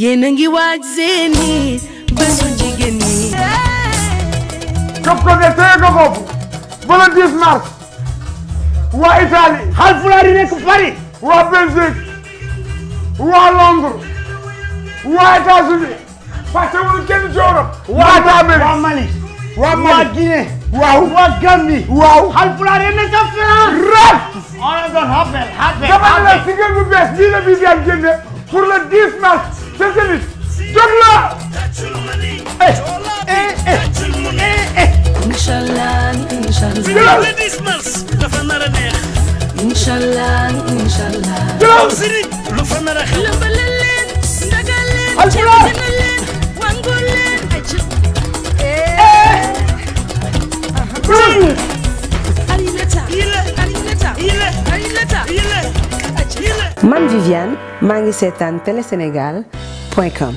yéen a ngi waaj seen i bésu jigéen ñi. képp ko dee téye waa Italie. Haalpulaar yi nekk Paris. waa Belgique waa Londres waa États-Unis parce que wuñu waa Amérique waa Mali waa Mali waa Guinée. waa Gambie. waaw Haalpulaar yi nekk France. rëb. on a doon xaapel bees bii la bii di génne pour le 10 Cécilis jóg la. eh eh eh eh. incha allah incha allah. dafa nar a neex. incha allah incha allah. lu fa nar a xew. lëmbalal leen ndagal leen. alhamdulilah leen wàngul leen. eh. man Viviane maa ngi seetaan Télé Sénégal point com